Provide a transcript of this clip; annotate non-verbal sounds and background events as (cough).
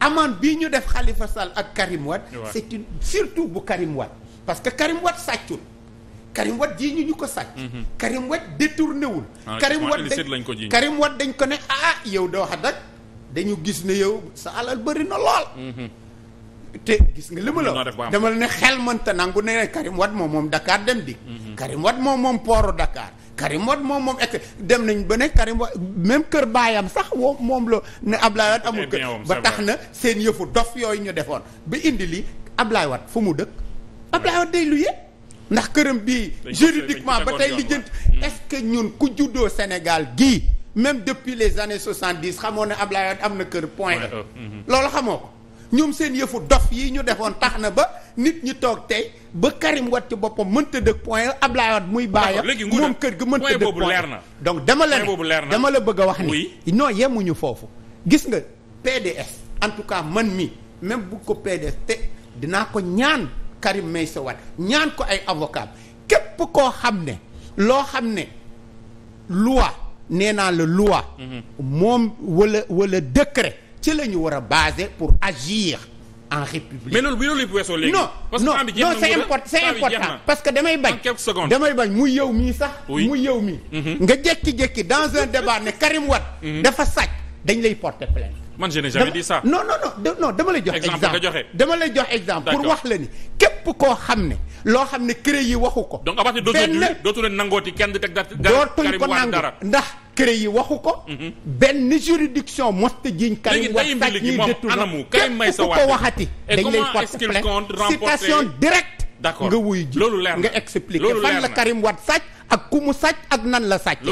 amende bi ñu def xalifa Sall ak Karim Wade surtout bu Karim Wade parce que Karim Wade sàccul Karim jii ñu ñu ko sàcc mhm. Karim Wade détourné wul ah, Karim Wade ko ji Karim Wade dañ ko ne ah yow doo wax dëgg dañu gis ne yow sa alal bëri na lool mhm. te gis nga li ma la dama ne xel mënta nangu ne Karim Wade moom moom Dakar dem di mhm. Karim Wade moom moom pooru Dakar Karim Wade moom moom ek dem nañ ba ne Karim Wade même kër baayam sax woo moom la ne Ablaye Wade amul eh kër ba tax na seen yëfu dof yooyu ñu defoon ba indi lii Ablaye Wade fu mu dëkk Ablaye Wade day luye ndax këram bii juridiquement ba tey lijjant mhm. est-ce que ñun ku juddoo Sénégal gii même depuis les années soixante-dix xamoo ne Ablaye Wade am na kër ñoom seen yëfu dof yi ñu defoon tax na ba nit ñi toog tey ba Karim Wade ci boppam mënta dëkk point Ablaye Wade muy bàyyam moom kër ga mënta dëkk point donc dama la dama la bëgg wax ni non yemuñu foofu gis nga PDS en tout cas man mi même bu ko PDS te dinaa ko ñaan Karim Meïssa Wade ñaan ko ay avocat képp koo xam ne loo xam ne loi nee naa la loi mhm. moom wala wala décret ci la ñu war a baser pour agir en république. mais loolu bu loolu parce que non non c'est important c'est important parce que damay bañ. damay bañ muy yow mii sax. muy yow mii. Mhm. nga jekki jékki dans un (laughs) débat ne Karim Wade. Mhm. dafa sàcc dañ lay porter plainte. man je n'ai jamais dit ça. non non non non dama lay jox. exemple dama lay jox exemple pour wax la ni képp koo xam ne. loo xam ne CREI yi waxu ko. donc à partir d'aujourd'hui dootu leen nangooti di teg dara dootuñ ko nangu ndax. cré yi waxu ko mhm. benn juridiction mosta jiñ Karim wax sàcc ñuy détourné képp ku ko waxati dañ lay porter plainte citation directe d'accord nga wuy ji loolu leer nga expliquer fan la Karim Wade sàcc ak ku mu sàcc ak nan la sàcc